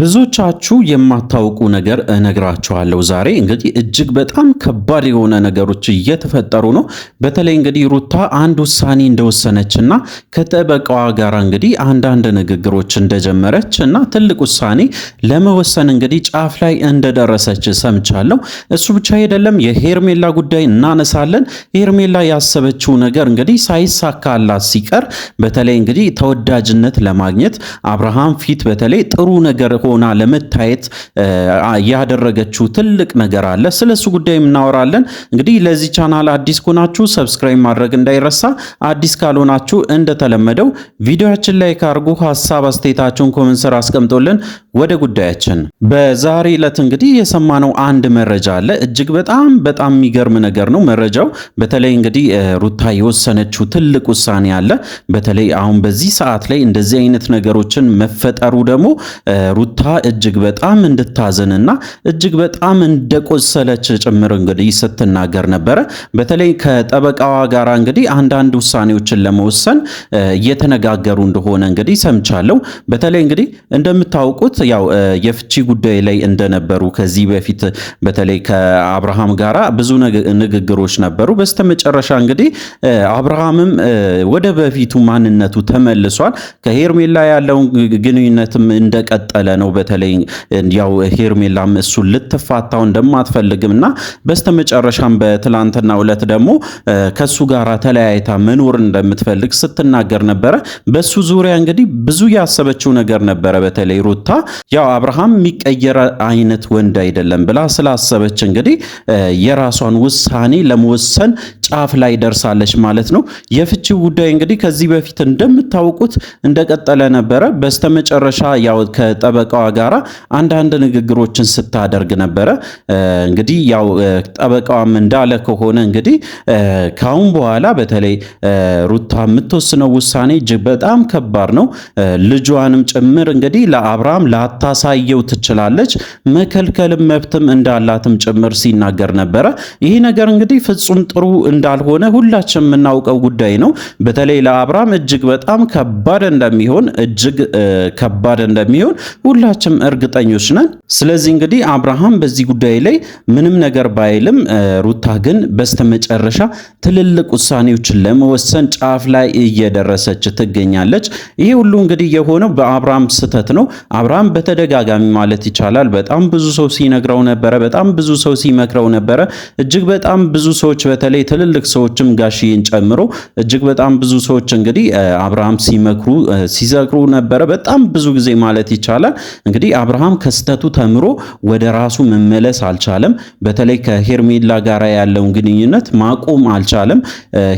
ብዙዎቻችሁ የማታውቁ ነገር እነግራችኋለሁ። ዛሬ እንግዲህ እጅግ በጣም ከባድ የሆነ ነገሮች እየተፈጠሩ ነው። በተለይ እንግዲህ ሩታ አንድ ውሳኔ እንደወሰነች እና ከጠበቃዋ ጋር እንግዲህ አንዳንድ ንግግሮች እንደጀመረች እና ትልቅ ውሳኔ ለመወሰን እንግዲህ ጫፍ ላይ እንደደረሰች ሰምቻለሁ። እሱ ብቻ አይደለም፣ የሄርሜላ ጉዳይ እናነሳለን። ሄርሜላ ያሰበችው ነገር እንግዲህ ሳይሳካላት ሲቀር በተለይ እንግዲህ ተወዳጅነት ለማግኘት አብርሃም ፊት በተለይ ጥሩ ነገር ሆና ለመታየት ያደረገችው ትልቅ ነገር አለ። ስለሱ ጉዳይ እናወራለን። እንግዲህ ለዚህ ቻናል አዲስ ከሆናችሁ ሰብስክራይብ ማድረግ እንዳይረሳ፣ አዲስ ካልሆናችሁ እንደተለመደው ቪዲዮችን ላይ ካርጉ ሀሳብ አስተያየታችሁን ኮመንት ስር አስቀምጦልን ወደ ጉዳያችን በዛሬ ዕለት እንግዲህ የሰማነው አንድ መረጃ አለ። እጅግ በጣም በጣም የሚገርም ነገር ነው መረጃው። በተለይ እንግዲህ ሩታ የወሰነችው ትልቅ ውሳኔ አለ። በተለይ አሁን በዚህ ሰዓት ላይ እንደዚህ አይነት ነገሮችን መፈጠሩ ደግሞ ሩታ እጅግ በጣም እንድታዘንና እጅግ በጣም እንደቆሰለች ጭምር እንግዲህ ስትናገር ነበረ። በተለይ ከጠበቃዋ ጋር እንግዲህ አንዳንድ ውሳኔዎችን ለመወሰን እየተነጋገሩ እንደሆነ እንግዲህ ሰምቻለሁ። በተለይ እንግዲህ እንደምታውቁት ያው የፍቺ ጉዳይ ላይ እንደነበሩ ከዚህ በፊት በተለይ ከአብርሃም ጋራ ብዙ ንግግሮች ነበሩ። በስተመጨረሻ እንግዲህ አብርሃምም ወደ በፊቱ ማንነቱ ተመልሷል። ከሄርሜላ ያለውን ግንኙነትም እንደቀጠለ ነው። በተለይ ያው ሄርሜላም እሱ ልትፋታው እንደማትፈልግም እና በስተመጨረሻም በትላንትና ዕለት ደግሞ ከሱ ጋር ተለያይታ መኖር እንደምትፈልግ ስትናገር ነበረ። በሱ ዙሪያ እንግዲህ ብዙ ያሰበችው ነገር ነበረ። በተለይ ሩታ ያው አብርሃም የሚቀየር አይነት ወንድ አይደለም ብላ ስላሰበች እንግዲህ የራሷን ውሳኔ ለመወሰን ጫፍ ላይ ደርሳለች ማለት ነው። የፍቺው ጉዳይ እንግዲህ ከዚህ በፊት እንደምታውቁት እንደቀጠለ ነበረ። በስተመጨረሻ ያው ከጠበ ጠበቃዋ ጋራ አንዳንድ ንግግሮችን ስታደርግ ነበረ። እንግዲህ ያው ጠበቃዋም እንዳለ ከሆነ እንግዲህ ካሁን በኋላ በተለይ ሩታ የምትወስነው ውሳኔ እጅግ በጣም ከባድ ነው። ልጇንም ጭምር እንግዲህ ለአብርሃም ላታሳየው ትችላለች፣ መከልከልም መብትም እንዳላትም ጭምር ሲናገር ነበረ። ይህ ነገር እንግዲህ ፍጹም ጥሩ እንዳልሆነ ሁላችን የምናውቀው ጉዳይ ነው። በተለይ ለአብርሃም እጅግ በጣም ከባድ እንደሚሆን እጅግ ከባድ እንደሚሆን ሁላችም እርግጠኞች ነን። ስለዚህ እንግዲህ አብርሃም በዚህ ጉዳይ ላይ ምንም ነገር ባይልም፣ ሩታ ግን በስተመጨረሻ ትልልቅ ውሳኔዎችን ለመወሰን ጫፍ ላይ እየደረሰች ትገኛለች። ይሄ ሁሉ እንግዲህ የሆነው በአብርሃም ስህተት ነው። አብርሃም በተደጋጋሚ ማለት ይቻላል በጣም ብዙ ሰው ሲነግረው ነበረ፣ በጣም ብዙ ሰው ሲመክረው ነበረ። እጅግ በጣም ብዙ ሰዎች በተለይ ትልልቅ ሰዎችም ጋሽን ጨምሮ እጅግ በጣም ብዙ ሰዎች እንግዲህ አብርሃም ሲመክሩ ሲዘክሩ ነበረ በጣም ብዙ ጊዜ ማለት ይቻላል። እንግዲህ አብርሃም ከስተቱ ተምሮ ወደ ራሱ መመለስ አልቻለም። በተለይ ከሄርሜላ ጋር ያለውን ግንኙነት ማቆም አልቻለም።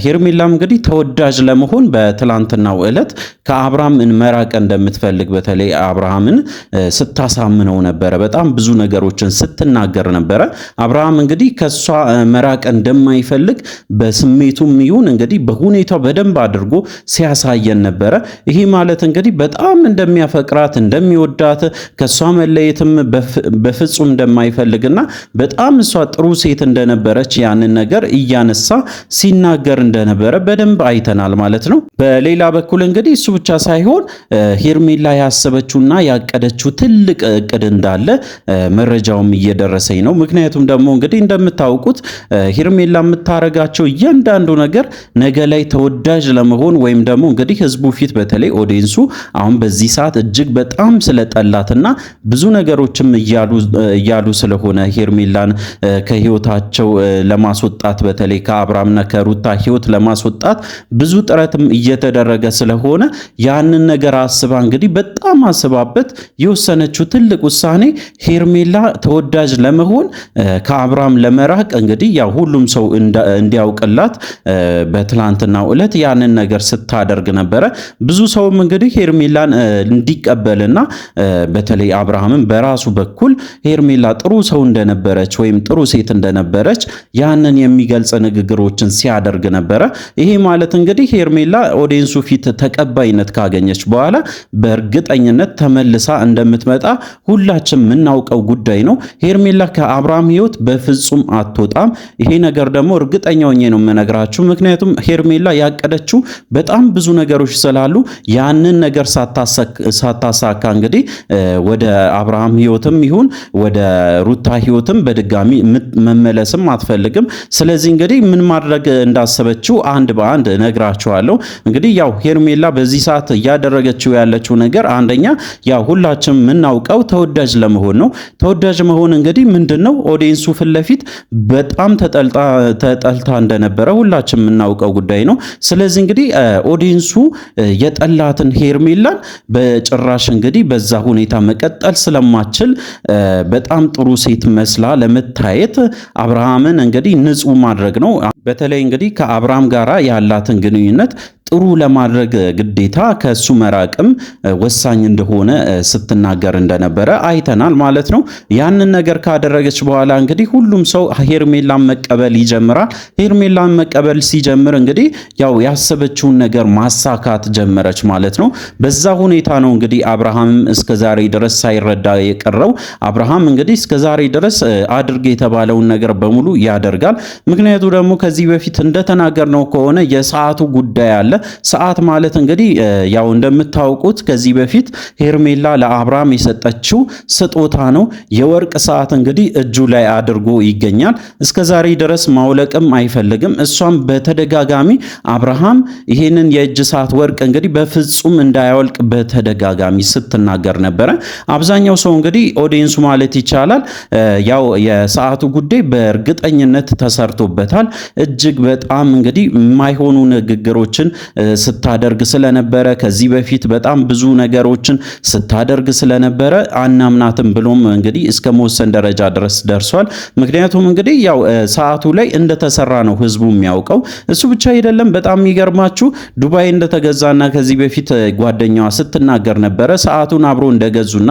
ሄርሜላም እንግዲህ ተወዳጅ ለመሆን በትላንትናው ዕለት ከአብርሃም መራቅ እንደምትፈልግ በተለይ አብርሃምን ስታሳምነው ነበረ። በጣም ብዙ ነገሮችን ስትናገር ነበረ። አብርሃም እንግዲህ ከሷ መራቅ እንደማይፈልግ በስሜቱም ይሁን እንግዲህ በሁኔታው በደንብ አድርጎ ሲያሳየን ነበረ። ይሄ ማለት እንግዲህ በጣም እንደሚያፈቅራት እንደሚወዳት መጥላት ከእሷ መለየትም በፍጹም እንደማይፈልግና በጣም እሷ ጥሩ ሴት እንደነበረች ያንን ነገር እያነሳ ሲናገር እንደነበረ በደንብ አይተናል ማለት ነው። በሌላ በኩል እንግዲህ እሱ ብቻ ሳይሆን ሄርሜላ ያሰበችውና ያቀደችው ትልቅ እቅድ እንዳለ መረጃውም እየደረሰኝ ነው። ምክንያቱም ደግሞ እንግዲህ እንደምታውቁት ሄርሜላ የምታረጋቸው እያንዳንዱ ነገር ነገ ላይ ተወዳጅ ለመሆን ወይም ደግሞ እንግዲህ ህዝቡ ፊት በተለይ ኦዲየንሱ አሁን በዚህ ሰዓት እጅግ በጣም ስለጠ እንዳላትና ብዙ ነገሮችም እያሉ ስለሆነ ሄርሜላን ከህይወታቸው ለማስወጣት በተለይ ከአብርሃምና ከሩታ ህይወት ለማስወጣት ብዙ ጥረትም እየተደረገ ስለሆነ ያንን ነገር አስባ እንግዲህ በጣም አስባበት የወሰነችው ትልቅ ውሳኔ ሄርሜላ ተወዳጅ ለመሆን ከአብርሃም ለመራቅ እንግዲህ ያ ሁሉም ሰው እንዲያውቅላት በትላንትናው ዕለት ያንን ነገር ስታደርግ ነበረ። ብዙ ሰውም እንግዲህ ሄርሜላን እንዲቀበልና በተለይ አብርሃምን በራሱ በኩል ሄርሜላ ጥሩ ሰው እንደነበረች ወይም ጥሩ ሴት እንደነበረች ያንን የሚገልጽ ንግግሮችን ሲያደርግ ነበረ። ይሄ ማለት እንግዲህ ሄርሜላ ኦዲንሱ ፊት ተቀባይነት ካገኘች በኋላ በእርግጠኝነት ተመልሳ እንደምትመጣ ሁላችን የምናውቀው ጉዳይ ነው። ሄርሜላ ከአብርሃም ሕይወት በፍጹም አትወጣም። ይሄ ነገር ደግሞ እርግጠኛ ሆኜ ነው የምነግራችሁ። ምክንያቱም ሄርሜላ ያቀደችው በጣም ብዙ ነገሮች ስላሉ ያንን ነገር ሳታሳካ እንግዲህ ወደ አብርሃም ህይወትም ይሁን ወደ ሩታ ህይወትም በድጋሚ መመለስም አትፈልግም። ስለዚህ እንግዲህ ምን ማድረግ እንዳሰበችው አንድ በአንድ ነግራችኋለሁ። እንግዲህ ያው ሄርሜላ በዚህ ሰዓት እያደረገችው ያለችው ነገር አንደኛ ያው ሁላችንም የምናውቀው ተወዳጅ ለመሆን ነው። ተወዳጅ መሆን እንግዲህ ምንድን ነው? ኦዲየንሱ ፊት ለፊት በጣም ተጠልታ እንደነበረ ሁላችን የምናውቀው ጉዳይ ነው። ስለዚህ እንግዲህ ኦዲየንሱ የጠላትን ሄርሜላን በጭራሽ እንግዲህ በዛ ሁኔታ መቀጠል ስለማችል በጣም ጥሩ ሴት መስላ ለመታየት አብርሃምን እንግዲህ ንጹህ ማድረግ ነው። በተለይ እንግዲህ ከአብርሃም ጋራ ያላትን ግንኙነት ጥሩ ለማድረግ ግዴታ ከእሱ መራቅም ወሳኝ እንደሆነ ስትናገር እንደነበረ አይተናል ማለት ነው። ያንን ነገር ካደረገች በኋላ እንግዲህ ሁሉም ሰው ሄርሜላን መቀበል ይጀምራል። ሄርሜላን መቀበል ሲጀምር እንግዲህ ያው ያሰበችውን ነገር ማሳካት ጀመረች ማለት ነው። በዛ ሁኔታ ነው እንግዲህ አብርሃም እስከ ዛሬ ድረስ ሳይረዳ የቀረው። አብርሃም እንግዲህ እስከ ዛሬ ድረስ አድርግ የተባለውን ነገር በሙሉ ያደርጋል። ምክንያቱ ደግሞ ከዚህ በፊት እንደተናገር ነው ከሆነ የሰዓቱ ጉዳይ አለ። ሰዓት ማለት እንግዲህ ያው እንደምታውቁት ከዚህ በፊት ሄርሜላ ለአብርሃም የሰጠችው ስጦታ ነው። የወርቅ ሰዓት እንግዲህ እጁ ላይ አድርጎ ይገኛል። እስከ ዛሬ ድረስ ማውለቅም አይፈልግም። እሷም በተደጋጋሚ አብርሃም ይህንን የእጅ ሰዓት ወርቅ እንግዲህ በፍጹም እንዳያወልቅ በተደጋጋሚ ስትናገር ነበረ። አብዛኛው ሰው እንግዲህ ኦዲየንሱ ማለት ይቻላል ያው የሰዓቱ ጉዳይ በእርግጠኝነት ተሰርቶበታል። እጅግ በጣም እንግዲህ የማይሆኑ ንግግሮችን ስታደርግ ስለነበረ ከዚህ በፊት በጣም ብዙ ነገሮችን ስታደርግ ስለነበረ አናምናትም ብሎም እንግዲህ እስከ መወሰን ደረጃ ድረስ ደርሷል። ምክንያቱም እንግዲህ ያው ሰዓቱ ላይ እንደተሰራ ነው ህዝቡ የሚያውቀው። እሱ ብቻ አይደለም። በጣም የሚገርማችሁ ዱባይ እንደተገዛና ከዚህ በፊት ጓደኛዋ ስትናገር ነበረ ሰዓቱን አብሮ እንደገዙና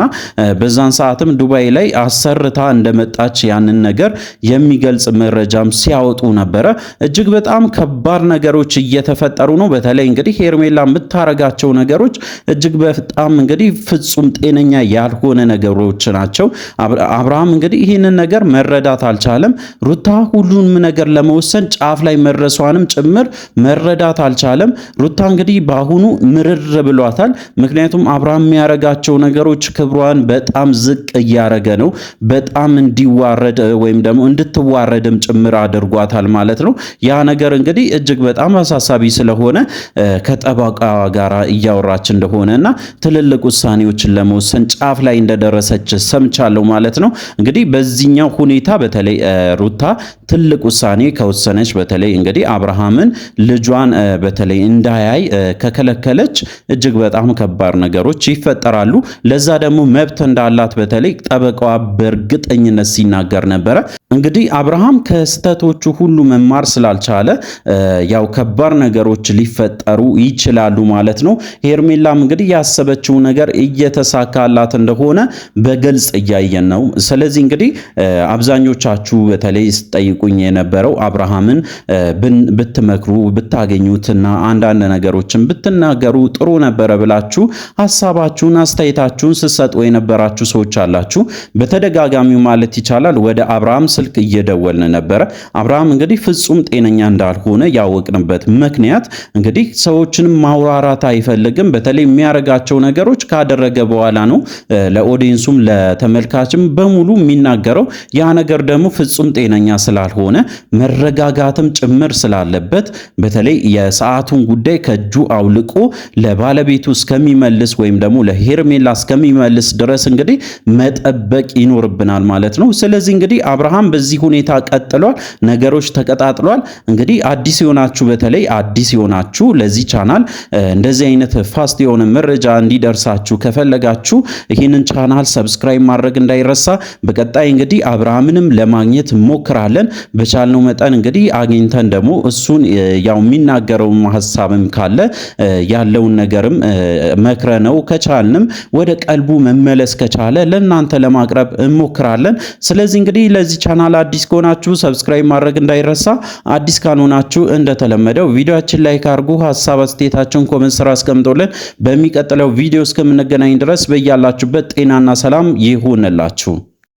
በዛን ሰዓትም ዱባይ ላይ አሰርታ እንደመጣች ያንን ነገር የሚገልጽ መረጃም ሲያወጡ ነበረ። እጅግ በጣም ከባድ ነገሮች እየተፈጠሩ ነው። በተለይ እንግዲህ ሄርሜላ የምታረጋቸው ነገሮች እጅግ በጣም እንግዲህ ፍጹም ጤነኛ ያልሆነ ነገሮች ናቸው። አብርሃም እንግዲህ ይህንን ነገር መረዳት አልቻለም። ሩታ ሁሉንም ነገር ለመወሰን ጫፍ ላይ መድረሷንም ጭምር መረዳት አልቻለም። ሩታ እንግዲህ በአሁኑ ምርር ብሏታል። ምክንያቱም አብርሃም የሚያረጋቸው ነገሮች ክብሯን በጣም ዝቅ እያረገ ነው። በጣም እንዲዋረድ ወይም ደግሞ እንድትዋረድም ጭምር አድርጓታል ማለት ነው። ያ ነገር እንግዲህ እጅግ በጣም አሳሳቢ ስለሆነ ከጠበቃዋ ጋር እያወራች እንደሆነ እና ትልልቅ ውሳኔዎችን ለመወሰን ጫፍ ላይ እንደደረሰች ሰምቻለሁ ማለት ነው። እንግዲህ በዚህኛው ሁኔታ በተለይ ሩታ ትልቅ ውሳኔ ከወሰነች በተለይ እንግዲህ አብርሃምን ልጇን በተለይ እንዳያይ ከከለከለች እጅግ በጣም ከባድ ነገሮች ይፈጠራሉ። ለዛ ደግሞ መብት እንዳላት በተለይ ጠበቃዋ በእርግጠኝነት ሲናገር ነበረ። እንግዲህ አብርሃም ከስተቶቹ ሁሉ መማር ስላልቻለ ያው ከባድ ነገሮች ሊፈ ሊፈጠሩ ይችላሉ ማለት ነው። ሄርሜላም እንግዲህ ያሰበችው ነገር እየተሳካላት እንደሆነ በግልጽ እያየን ነው። ስለዚህ እንግዲህ አብዛኞቻችሁ በተለይ ስጠይቁኝ የነበረው አብርሃምን ብትመክሩ ብታገኙትና አንዳንድ ነገሮችን ብትናገሩ ጥሩ ነበረ ብላችሁ ሀሳባችሁን አስተያየታችሁን ስትሰጡ የነበራችሁ ሰዎች አላችሁ። በተደጋጋሚ ማለት ይቻላል ወደ አብርሃም ስልክ እየደወልን ነበረ። አብርሃም እንግዲህ ፍጹም ጤነኛ እንዳልሆነ ያወቅንበት ምክንያት እንግዲህ ሰዎችንም ማውራራት አይፈልግም። በተለይ የሚያደርጋቸው ነገሮች ካደረገ በኋላ ነው ለኦዲየንሱም ለተመልካችም በሙሉ የሚናገረው። ያ ነገር ደግሞ ፍጹም ጤነኛ ስላልሆነ መረጋጋትም ጭምር ስላለበት በተለይ የሰዓቱን ጉዳይ ከእጁ አውልቆ ለባለቤቱ እስከሚመልስ ወይም ደግሞ ለሄርሜላ እስከሚመልስ ድረስ እንግዲህ መጠበቅ ይኖርብናል ማለት ነው። ስለዚህ እንግዲህ አብርሃም በዚህ ሁኔታ ቀጥሏል፣ ነገሮች ተቀጣጥሏል። እንግዲህ አዲስ የሆናችሁ በተለይ አዲስ የሆናችሁ ከፈለጋችሁ ለዚህ ቻናል እንደዚህ አይነት ፋስት የሆነ መረጃ እንዲደርሳችሁ ከፈለጋችሁ ይህንን ቻናል ሰብስክራይብ ማድረግ እንዳይረሳ። በቀጣይ እንግዲህ አብርሃምንም ለማግኘት ሞክራለን። በቻልነው መጠን እንግዲህ አግኝተን ደግሞ እሱን ያው የሚናገረው ሀሳብም ካለ ያለውን ነገርም መክረነው ከቻልንም ወደ ቀልቡ መመለስ ከቻለ ለእናንተ ለማቅረብ እንሞክራለን። ስለዚህ እንግዲህ ለዚህ ቻናል አዲስ ከሆናችሁ ሰብስክራይብ ማድረግ እንዳይረሳ። አዲስ ካልሆናችሁ እንደተለመደው ቪዲዮችን ላይ ካርጉ ሀሳብ አስተያየታቸውን ኮመንት ስራ አስቀምጦልን በሚቀጥለው ቪዲዮ እስከምንገናኝ ድረስ በያላችሁበት ጤናና ሰላም ይሁንላችሁ።